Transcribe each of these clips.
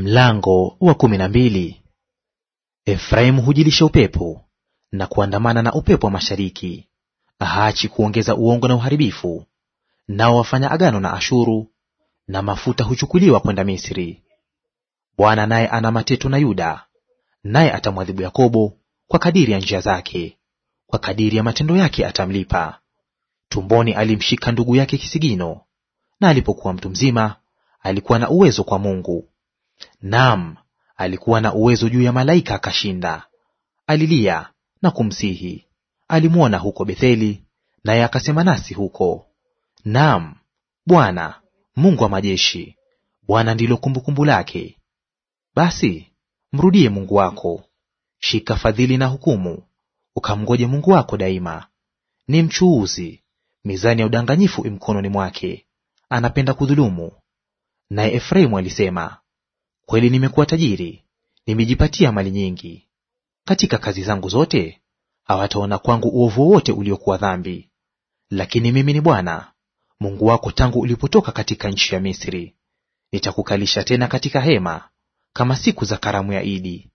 Mlango wa kumi na mbili. Efraimu hujilisha upepo na kuandamana na upepo wa mashariki, haachi kuongeza uongo na uharibifu. Nao wafanya agano na Ashuru, na mafuta huchukuliwa kwenda Misri. Bwana naye ana mateto na Yuda, naye atamwadhibu Yakobo kwa kadiri ya njia zake, kwa kadiri ya matendo yake atamlipa. Tumboni alimshika ndugu yake kisigino, na alipokuwa mtu mzima alikuwa na uwezo kwa Mungu. Naam, alikuwa na uwezo juu ya malaika akashinda. Alilia na kumsihi. Alimwona huko Betheli, naye akasema nasi huko. Naam, Bwana Mungu wa majeshi, Bwana ndilo kumbukumbu lake. Basi mrudie Mungu wako, shika fadhili na hukumu, ukamngoje Mungu wako daima. Ni mchuuzi, mizani ya udanganyifu imkononi mwake, anapenda kudhulumu. Naye Efraimu alisema, Kweli nimekuwa tajiri, nimejipatia mali nyingi. Katika kazi zangu zote hawataona kwangu uovu wowote uliokuwa dhambi. Lakini mimi ni Bwana Mungu wako tangu ulipotoka katika nchi ya Misri. Nitakukalisha tena katika hema kama siku za karamu ya Idi.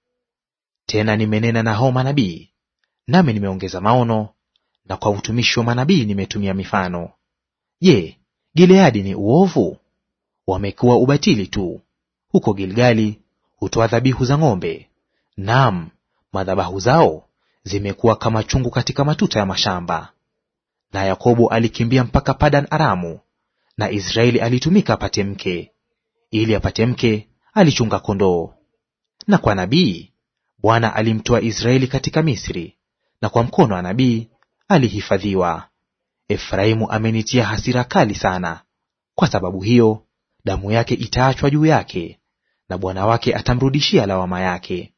Tena nimenena na hao manabii, nami nimeongeza maono, na kwa utumishi wa manabii nimetumia mifano. Je, Gileadi ni uovu? Wamekuwa ubatili tu, huko Gilgali hutoa dhabihu za ng'ombe; naam, madhabahu zao zimekuwa kama chungu katika matuta ya mashamba. Na Yakobo alikimbia mpaka Padan Aramu, na Israeli alitumika apate mke; ili apate mke alichunga kondoo. Na kwa nabii Bwana alimtoa Israeli katika Misri, na kwa mkono wa nabii alihifadhiwa. Efraimu amenitia hasira kali sana, kwa sababu hiyo damu yake itaachwa juu yake, na bwana wake atamrudishia lawama yake.